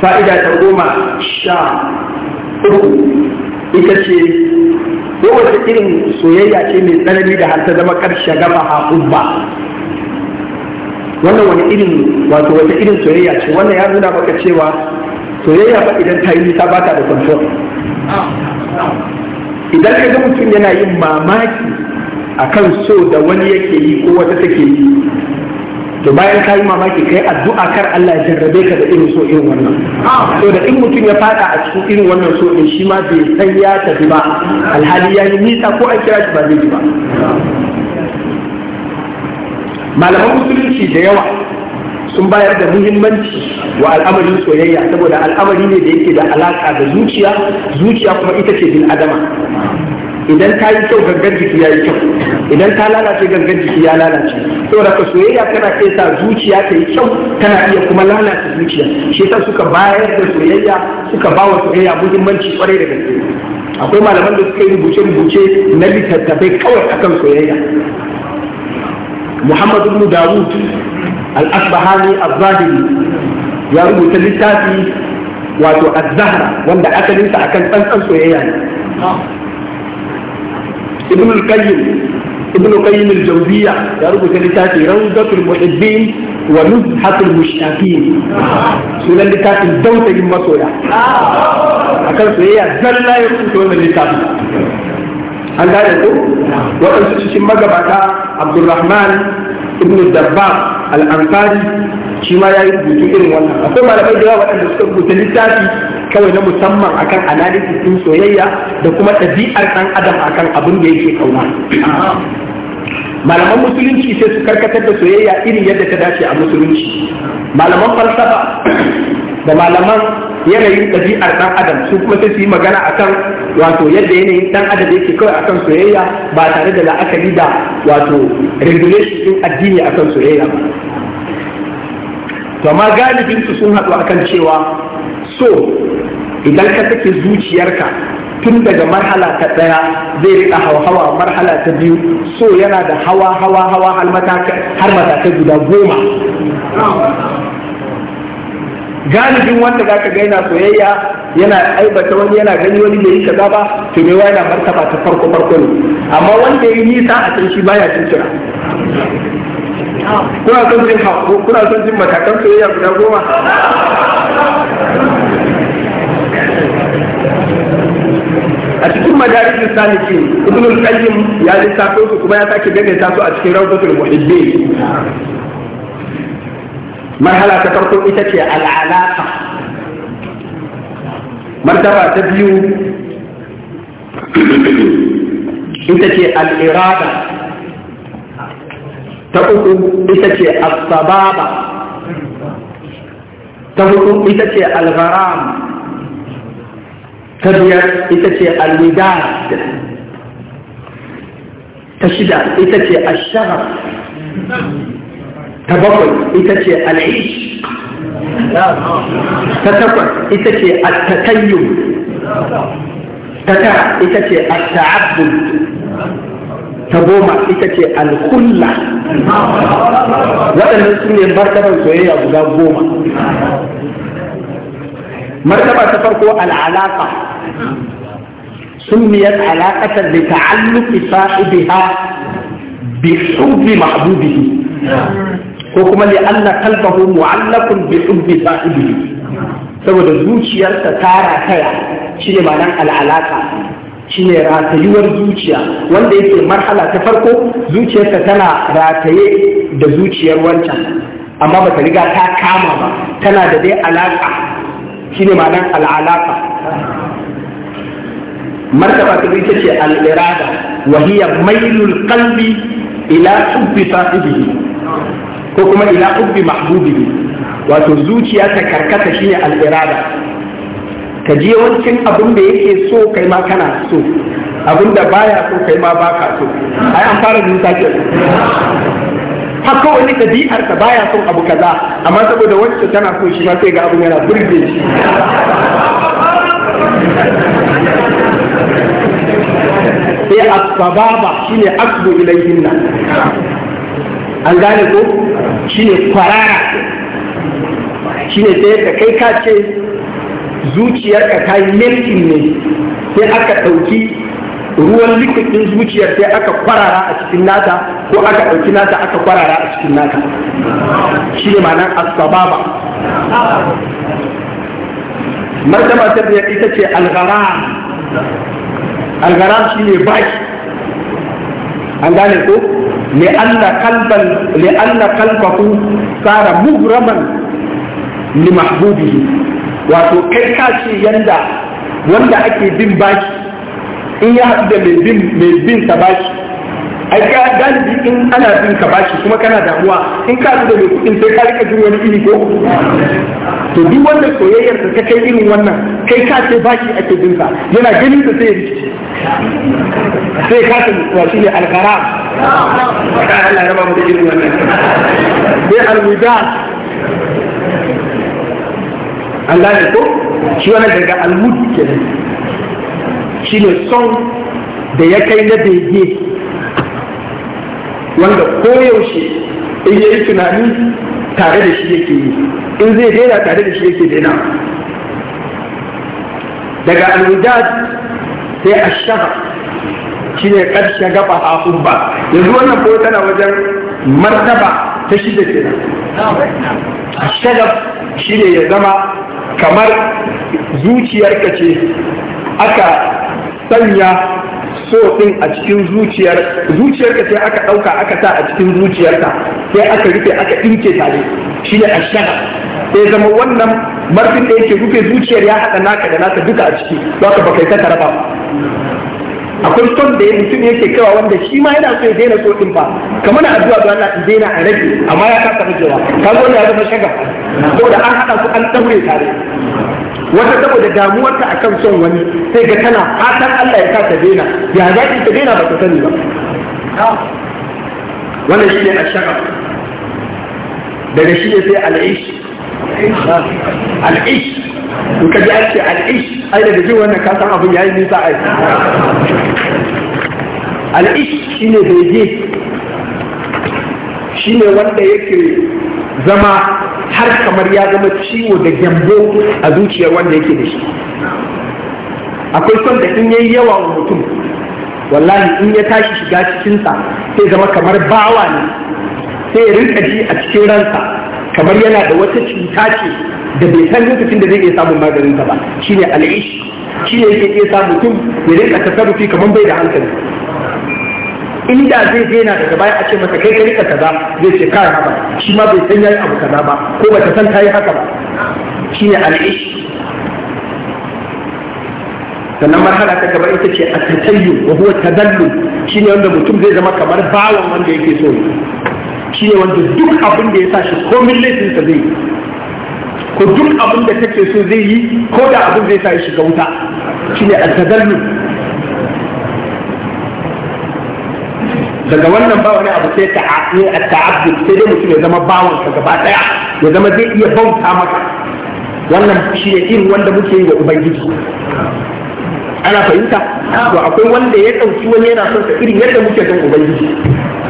fa'ida ta goma sha uku ita ce kowace irin soyayya ce mai tsanani da har ta zama ƙarshe gama ba. wannan wani irin wato wata irin soyayya ce wannan ya nuna maka cewa soyayya ba idan ta yi nisa ba ta da control idan ka ga mutum yana yin mamaki a kan so da wani yake yi ko wata take yi to bayan ka yi mamaki kai addu'a kar Allah ya jarrabe ka da irin so irin wannan to da in mutum ya fada a cikin irin wannan so din shi ma bai san ya tafi ba alhali ya yi nisa ko an kira shi ba zai ji ba malaman musulunci da yawa sun bayar da muhimmanci wa al'amarin soyayya saboda al'amari ne da yake da alaka da zuciya zuciya kuma ita ce bin adama idan ta yi kyau gangan jiki ya yi kyau idan ta lalace gangan jiki ya lalace saboda ka soyayya tana iya sa zuciya ta yi kyau tana iya kuma lalace zuciya shi yasa suka bayar da soyayya suka ba wa soyayya muhimmanci kwarai da gaske akwai malaman da suka yi rubuce-rubuce na littattafai kawai akan soyayya Muhammad ibn Dawud الاصبهاني الظاهري يا رب تلتاتي واتو الزهرة وانا أكلمت أكل أنسان سويان ابن القيم ابن القيم الجوزية يا رب تلتاتي روضة المحبين ونزحة المشتاقين سنة لتاتي الدوتة المصورة أكل سويان زلا يكون لتاتي an gane ko waɗansu cikin عبد الرحمن ibn dabbar al'amfani shi ma ya yi rubutu irin wannan akwai malamai da yawa waɗanda suka rubuta littafi kawai na musamman akan analysis ɗin soyayya da kuma ɗabi'ar ɗan adam akan abin da yake kauna malaman musulunci sai su karkatar da soyayya irin yadda ta dace a musulunci malaman falsafa da malaman yanayin ɗabi'ar ɗan adam su kuma sai su yi magana akan wato yadda yanayin ɗan adam yake kawai akan soyayya ba tare da la'akari da wato regulation ɗin addini akan soyayya ba to amma galibin su sun haɗu akan cewa so idan ka take zuciyarka tun daga marhala ta ɗaya zai riƙa hawa-hawa marhala ta biyu so yana da hawa-hawa-hawa har matakai guda goma galibin wanda za ka gaina soyayya yana aibata wani yana gani wani mai yi kaza ba to me yana martaba ta farko farko ne amma wanda ya yi nisa a can shi baya cin kira kuna son jin hakko kuna son jin matakan soyayya guda goma a cikin madarisin saniki ibn al-qayyim ya lissafo su kuma ya sake daidaita su a cikin rawdatul muhibbin مرحلة تترك إتتي العلاقة مرتبة تبيو إتتي الإرادة تقوم إتتي الصبابة تقوم إتتي الغرام تبيع إتتي الوداد تشدد إتتي الشغف تبطل إتكي العيش تتقل إتكي التكيم تتع إتكي التعبد تبوما إتكي الخلة وأن نسمي المرتبة سوية بوما مرتبة تفرق العلاقة سميت علاقة لتعلق صاحبها بحب محبوبه ko kuma li anna qalbahu mu'allaqun bi hubbi sahibihi saboda zuciyarsa ta rataya shine ma'anar al'alaka shine ratayuwar zuciya wanda yake marhala ta farko zuciyarsa tana rataye da zuciyar wancan amma ba ta riga ta kama ba tana da dai alaka shine ma'anar al'alaka martaba ta ce al'irada wa hiya mailul qalbi ila hubbi sahibihi ko kuma ila hubbi mahbubihi wato zuciya ta karkata shine al-irada ka je wancan abin da yake so kai ma kana so abin da baya so kai ma baka so ai an fara zuciya ke haka wani ɗabi'ar ka baya son abu kaza amma saboda wacce tana so shi ma sai ga abin yana burge shi sai asbaba shine asbu ilayhinna an gane ko shine kwarara shine sai yadda kai ka ce zuciyarka ta yi melting ne sai aka ɗauki ruwan likitin zuciyar sai aka kwarara a cikin nata ko aka ɗauki nata aka kwarara a cikin nata shi ne ma'anar asbaba martaba ta biyar ita ce algaram algaram shi ne baki an gane ko لأن قلبا لأن قلبه صار مغرما لمحبوبه wato kai ka ce yanda wanda ake bin baki in ya haɗu da mai bin ka baki. ai ka galibi in ana bin ka baki kuma kana damuwa in ka haɗu da mai kuɗin sai ka rika jin wani iri ko to duk wanda soyayyar ka ta kai irin wannan kai ka ce baki ake bin ka yana ganin da sai ya rikice sai ka ta mutuwa shi ne alkara kai Allah ya ba mu da irin wannan sai alwida Allah ne ko shi wannan daga almud kenan shi ne son da ya kai na bege wanda ko yaushe in yi tunani tare da shi yake yi in zai daina tare da shi yake daina daga alwujad sai ashaba ne ƙarshe gaba a kurba yanzu wannan ko tana wajen martaba ta shida A shagab shine ya zama kamar zuciyarka ce aka sanya so ɗin a cikin zuciyar zuciyarka sai aka ɗauka aka sa a cikin zuciyarka sai aka rufe aka ɗinke tare shi ne ashana sai zama wannan marfin da yake rufe zuciyar ya haɗa naka da nasa duka a ciki za ka baka ta taraba akwai son da mutum yake kawa wanda shi ma yana so ya daina so din fa kamar na addu'a ga Allah in daina a rage amma ya kasa ragewa ka zo ya zama shaga saboda an hada su an daure tare wata saboda damuwarta akan son wani sai ga tana fatan Allah ya sa ta daina ya za ki ta daina ba ta sani ba wannan shine ashaga daga shi ne sai al'ish al'ish in ka ji ake al'ish ai daga jin wannan ka san abin yayi nisa ai al'ish shine bege shine wanda yake zama har kamar ya zama ciwo da gyambo a zuciyar wanda yake da shi akwai son da in yayi yawa wa mutum wallahi in ya tashi shiga cikinsa sai zama kamar bawa ne sai ya rinka ji a cikin ransa kamar yana da wata cuta ce da bai san lokacin da zai iya samun maganin ta ba shine al'ish shi ne yake iya sa mutum ya rinka tasarrufi kamar bai da hankali inda zai je na daga baya a ce masa kai ka rika kaza zai ce kai haka shi ma bai san yayi abu kaza ba ko ba ta san ta yi haka ba shine al'ish sannan marhala ta gaba ita ce a tatayyu wa huwa tadallu shine wanda mutum zai zama kamar bawan wanda yake so shi ne wanda duk abin da ya sa shi komin laifinsa zai yi ko duk abin da kake so zai yi ko da abin zai sa ya shiga wuta shi ne al daga wannan ba wani abu sai ne a taabbud sai dai mutum ya zama bawan ka gaba daya ya zama zai iya bauta maka wannan shi ne irin wanda muke yi wa ubangiji ana fahimta to akwai wanda ya ɗauki wani yana son ka irin yadda muke son ubangiji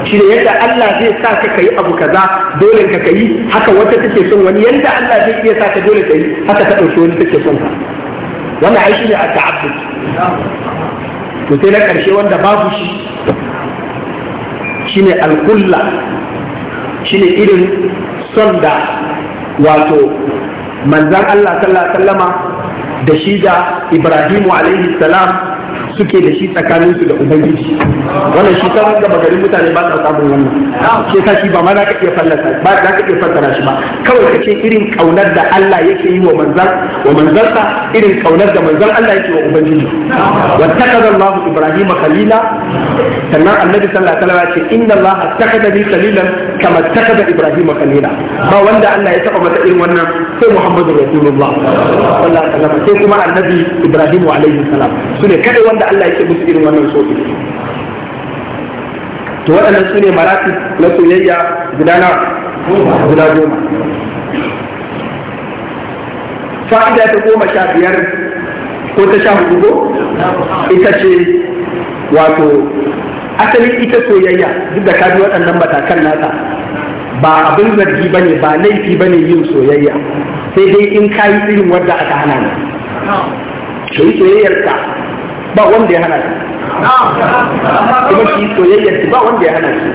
shi ne yadda Allah zai sa ka kayi abu kaza dole ka kayi haka wata take son wani yadda Allah zai iya sa ka dole kayi haka ta ɗauki wani take son ka wannan ai shine taabbud to sai na karshe wanda babu shi shine al-kulla shine irin son da wato manzan Allah sallallahu alaihi wasallama da shi da ibrahimu alaihi salam suke da shi tsakanin su da ubangiji wannan shi ta wanda magarin mutane ba sa samun wannan shi ta shi ba ma za ka iya fallasa ba za ka iya fassara shi ba kawai kace irin kaunar da Allah yake yi wa manzan wa manzansa irin kaunar da manzan Allah yake wa ubangiji wattakaza Allah Ibrahim khalila sannan annabi sallallahu alaihi wasallam ya ce inna Allah attakada bi khalilan kama attakada Ibrahim khalila ba wanda Allah ya taba mata irin wannan sai Muhammadu Rasulullah sallallahu alaihi wasallam sai kuma annabi Ibrahim alaihi salam ne kada wanda Allah yake musu irin wannan so to waɗannan su ne maratu na soyayya guda na guda goma fa'ida ta goma sha biyar ko ta sha hudu ko ita ce wato asalin ita soyayya duk da kaji waɗannan matakan nata ba abin zargi ba ne ba laifi ba ne yin soyayya sai dai in kayi irin wadda aka hana ne. Shi ka ba wanda ya hana shi kuma ki soyayyar ba wanda ya hana shi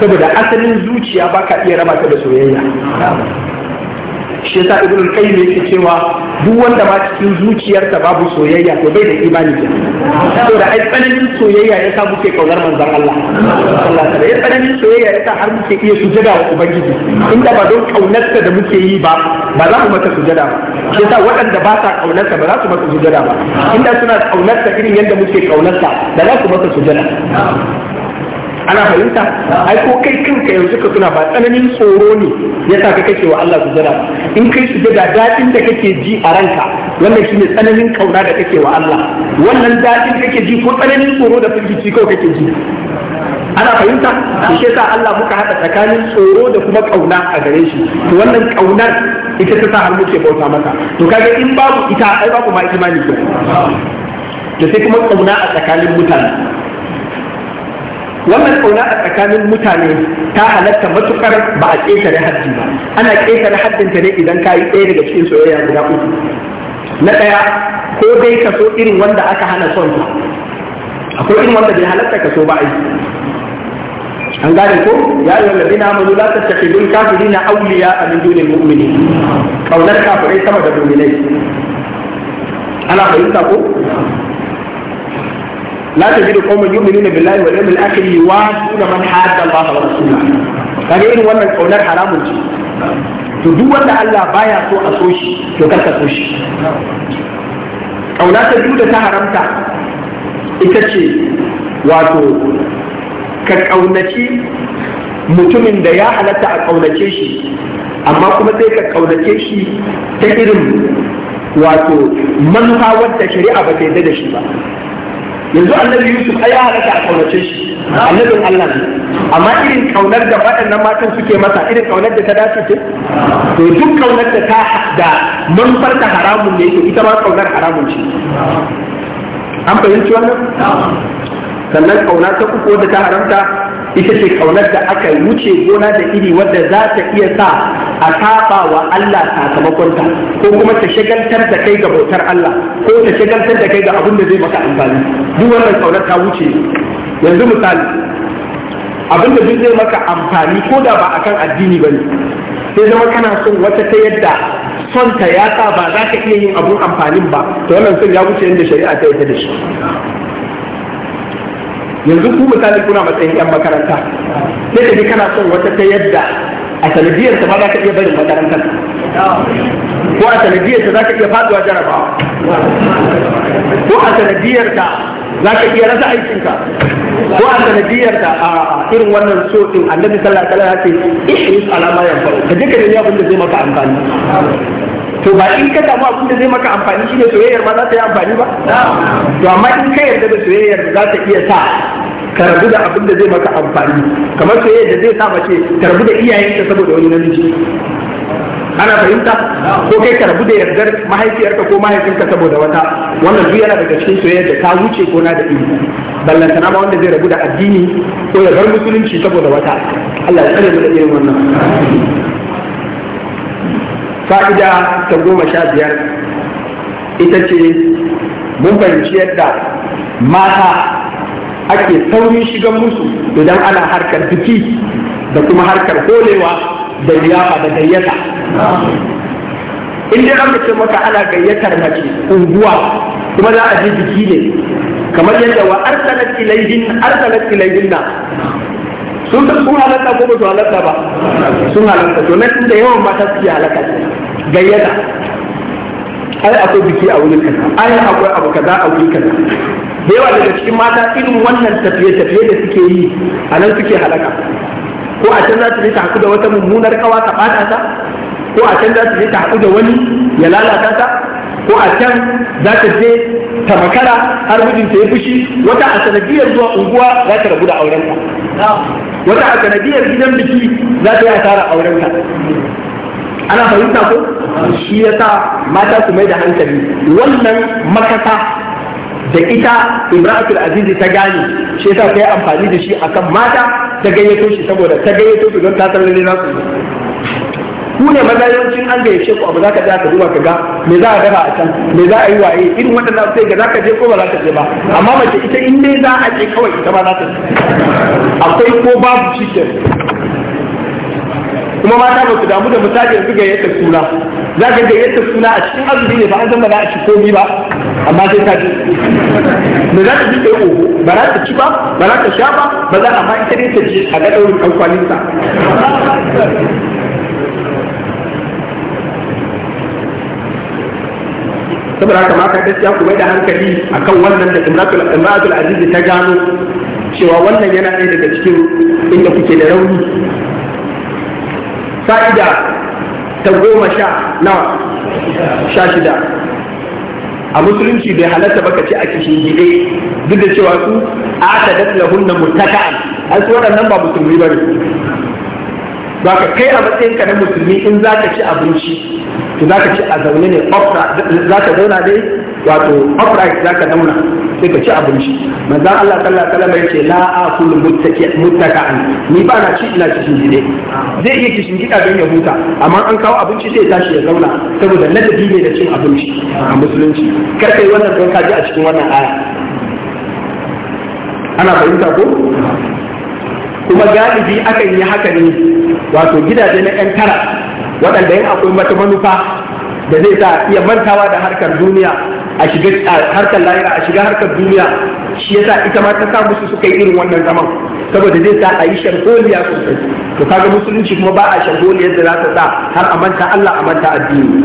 saboda asalin zuciya ba ka iya raba ta da soyayya shi yasa kai al-qayyim yake cewa duk wanda ba cikin zuciyarsa babu soyayya to bai da imani ke to da ai tsananin soyayya ya sa muke kaunar manzon Allah sallallahu alaihi wasallam tsananin soyayya ya sa har muke iya sujada wa ubangiji inda ba don kaunarsa da muke yi ba ba za mu maka sujada ba shi yasa waɗanda ba sa kaunarsa ba za su maka sujada ba inda suna kaunarsa irin yadda muke kaunarsa da za su maka sujada ana fahimta ai ko kai kanka yanzu ka tuna ba tsananin tsoro ne yasa ka kake wa Allah sujada in kai da dadin da kake ji a ranka wannan shine tsananin kauna da kake wa Allah wannan dadin kake ji ko tsananin tsoro da firgici kawai kake ji ana fahimta to ke yasa Allah muka hada tsakanin tsoro da kuma kauna a gare shi to wannan kaunar ita ta sa har muke bauta mata to kaga in babu ita ai babu ma imani ko to sai kuma kauna a tsakanin mutane wannan ƙauna a tsakanin mutane ta halatta matukar ba a ƙetare haddi ba ana ƙetare haddinta ne idan ka yi ɗaya daga cikin soyayya guda uku na ɗaya ko dai ka so irin wanda aka hana son ta akwai irin wanda bai halatta ka so ba ai an gane ko ya yi wanda dina amanu la ta tafi kafiri na auliya a min dunin mu'mini ƙaunar kafirai sama da mu'minai ana fahimta ko la tajidu qauman yu'minuna billahi wal yawmil akhir kaga irin wannan kaunar haramun ce to duk wanda Allah baya so a so shi to kar ka so shi kauna ta da ta haramta ita ce wato ka kaunaci mutumin da ya halatta a kaunace shi amma kuma sai ka kaunace shi ta irin wato manufa wadda shari'a ba ta da shi ba yanzu annabi yusuf ai ya ta a kaunace shi annabin allah ne amma irin kaunar da waɗannan matan suke masa irin kaunar da ta dace ce to duk kaunar da ta da manufar ta haramun ne to ita ma kaunar haramun ce an fahimci wannan sannan kauna ta uku da ta haramta ita ce kaunar da aka wuce gona da iri wadda za ta iya sa a saba wa Allah sakamakonta ko kuma ta shagaltar da kai ga bautar Allah ko ta shagaltar da kai ga abin da zai maka amfani duk wannan kaunar ta wuce yanzu misali abin da zai maka amfani ko da ba akan addini ba ne sai zama kana son wata ta yadda son ta ya sa ba za ka iya yin abun amfanin ba to wannan sun ya wuce yadda shari'a ta yadda da shi yanzu ku misali kuna matsayin yan makaranta sai da kana son wata ta yadda a sanadiyar ta ba za ka iya barin makaranta ko a sanadiyar ta za ka iya faduwa jarabawa ko a sanadiyar ta za ka iya rasa aikinka ko a sanadiyar ta a irin wannan so annabi sallallahu alaihi wasallam ya ce ihris alama kaje ka duka ne abin da zai maka amfani to ba in ka damu abin da zai maka amfani shi ne soyayyar ba za ta yi amfani ba to amma in ka yarda da soyayyar za ta iya sa ka rabu da abin da zai maka amfani kamar soyayyar da zai sa mace ka rabu da iyayenta saboda wani namiji ana fahimta ko kai ka rabu da yardar mahaifiyarka ko mahaifinka saboda wata wannan duk yana daga cikin soyayya da ta wuce gona da ilimi na ba wanda zai rabu da addini ko ya bar musulunci saboda wata Allah ya tsare mu da irin wannan fa'ida ta goma sha biyar ita ce mun fahimci yadda mata ake saurin shigan musu idan ana harkar biki da kuma harkar kolewa da liyafa da gayyata in dai aka ce maka ana gayyatar mace unguwa kuma za a ji biki ne kamar yadda wa arsalat ilayhin arsalat ilayhin sun ta sun halatta ko ba su halatta ba sun halatta to nan da yawan mata suke halatta gayyata ai akwai biki a wurin kaza ai akwai abu kaza a wurin kaza da yawa daga cikin mata irin wannan tafiye-tafiye da suke yi a nan suke halaka ko a can za su je ta haku da wata mummunar kawa ta bata ta ko a can za su je ta haku da wani ya lalata ta ko a can za ta je ta makara har mijinta ya fushi wata a sanadiyar zuwa unguwa za ta rabu da aurenta wata a sanadiyar gidan biki za ta yi asara aurenta ana fahimta ko shi yasa mata su mai da hankali wannan makasa da ita imratul azizi ta gane shi yasa ta yi amfani da shi akan mata ta gayyato shi saboda ta gayyato su don ta san lalle za su ku ne maza yawancin an gayyace ku abu za ka ka duba ka ga me za a dafa a can me za a yi waye irin waɗannan sai ga za ka je ko ba za ka je ba amma mace ita in dai za a je kawai ita ba za ta akwai ko babu cikin kuma mata ba su damu da misali yanzu ga yadda suna za ka ga yadda suna a cikin azumi ne ba an zama za a ci komi ba amma sai ta ji Me za ta ji yi oho ba za ta ci ba ba za ta sha ba ba za a ma ita ne ta ji a ga ɗaurin ɗan saboda haka mata gaskiya ku da hankali akan wannan da imratul aziz ta gano cewa wannan yana ɗaya daga cikin inda kuke da rauni fa'ida ta goma sha na sha shida a musulunci bai halatta baka ce a kishin gide duk da cewa su a ta daɗa hunna mutaka'an an su waɗannan ba musulmi ba ne ba ka kai a matsayinka na musulmi in za ka ci abinci to za ka ci a zaune ne za ka zauna dai wato upright za ka zauna sai ka ci abinci manzan Allah sallallahu alaihi wasallam yace la akul muttaqa'an ni ba na ci ina shi ne. zai iya ci shi don ya huta amma an kawo abinci sai tashi ya zauna saboda ladabi ne da cin abinci a musulunci kar kai wannan don ka ji a cikin wannan aya ana fahimta ko kuma galibi akan yi haka ne wato gidaje na yan tara waɗanda yin akwai mata manufa da zai sa iya mantawa da harkar duniya a shiga harkar lahira a shiga harkar duniya shi yasa ita ma ta sa musu suka yi irin wannan zaman saboda zai sa a yi sharholiya sosai to kaga musulunci kuma ba a sharholiyar da za ta sa har a manta Allah a manta addini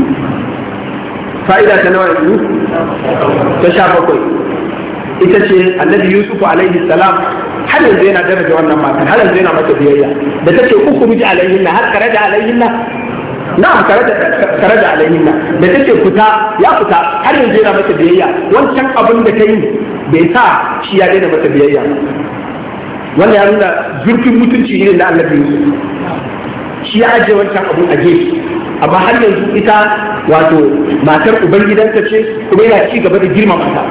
fa'ida ta nawa yanzu ta sha bakwai ita ce annabi yusuf alaihi salam har yanzu yana daraja wannan matan har yanzu yana mata biyayya da take alaihi na har karaja na na'am tare da na da take fita ya fita har yanzu yana mata biyayya wancan abin da ta yi bai sa shi ya daina mata biyayya wannan ya nuna zurfin mutunci irin na annabi Yusuf shi ya ajiye wancan abun a gefe amma har yanzu ita wato matar ubangidanta ce kuma yana ci gaba da girmama ta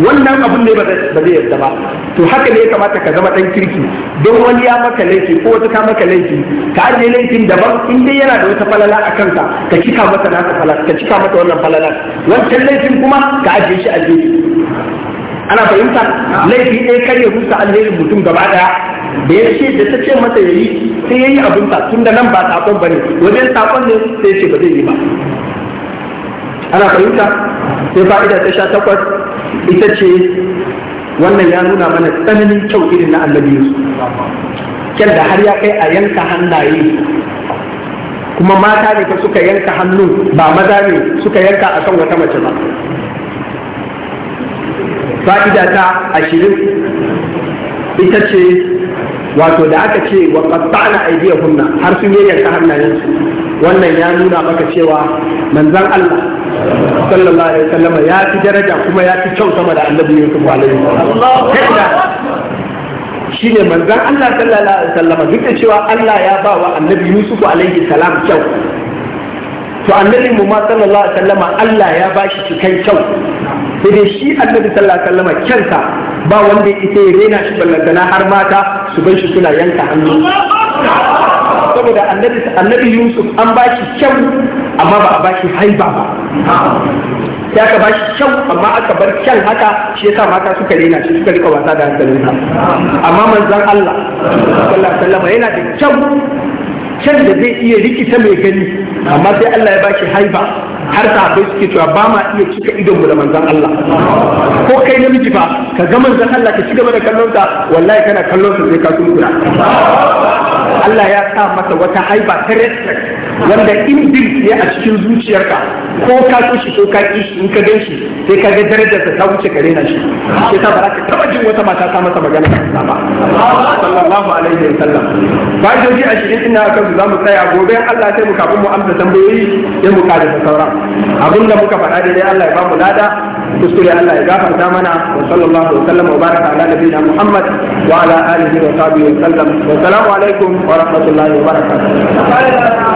wannan abun ne ba zai yarda ba to haka ne ya kamata ka zama dan kirki don wani ya maka laifi ko wata ta maka laifi ka ajiye laifin daban in dai yana da wata falala a kanka ka cika masa naka falala ka cika masa wannan falala wancan laifin kuma ka ajiye shi a jeji ana fahimta laifi ɗaya kar ya rusa alherin mutum gaba ɗaya da ya ce da ta ce masa yayi sai yayi abin tun tunda nan ba sakon bane wajen sakon ne sai ce ba zai yi ba ana fahimta sai fa'ida ta sha takwas ita ce wannan ya nuna mana tsananin kyau irin na annabi yusuf kyan da har ya kai a yanka hannaye kuma mata ne suka yanka hannu ba maza ne suka yanka a kan wata mace ba fa'ida ta ashirin ita ce wato da aka ce wa qatta'na aydiyahunna har sun yayyanka hannayen wannan ya nuna maka cewa manzon Allah sallallahu alaihi wasallam ya fi daraja kuma ya fi kyau sama da annabi Yusuf alaihi shi ne manzan Allah sallallahu alaihi wasallam duk da cewa Allah ya ba wa annabi Yusuf alaihi salam kyau to annabi mu ma sallallahu alaihi wasallama Allah ya bashi cikan kyau sai dai shi annabi sallallahu alaihi wasallama kyansa ba wanda yake ita ya rena shi ballantana har mata su bar shi suna yanka hannu saboda annabi annabi Yusuf an bashi kyau amma ba a bashi haiba ba sai aka bashi kyau amma aka bar kyan haka shi yasa mata suka rena shi suka rika wasa da sa amma manzon Allah sallallahu alaihi wasallama yana da kyau kyan da zai iya rikita mai gani amma sai Allah ya baki haiba har sahabbai suke cewa ba ma iya cika idon mu da manzon Allah ko kai namiji fa ka ga manzon Allah ka ci gaba da kallon ta wallahi kana kallon sai ka kunkura Allah ya sa masa wata haiba ta respect wanda in birki a cikin zuciyarka ko ka so shi ko ka ki shi in ka gan shi sai ka ga darajar ta wuce gare na shi sai ta baraka taba jin wata mata ta masa magana da sa ba sallallahu alaihi wa sallam fa'idoji a cikin ina aka za mu tsaya gobe Allah sai mu kafin mu amsa tambayoyi sai mu kada da sauran abinda muka faɗa dai Allah ya ba mu lada kuskure Allah ya gafarta mana wa sallallahu alaihi wa sallam wa baraka ala nabiyina Muhammad wa ala alihi wa sahbihi wa sallam wa salamu alaikum wa rahmatullahi wa barakatuh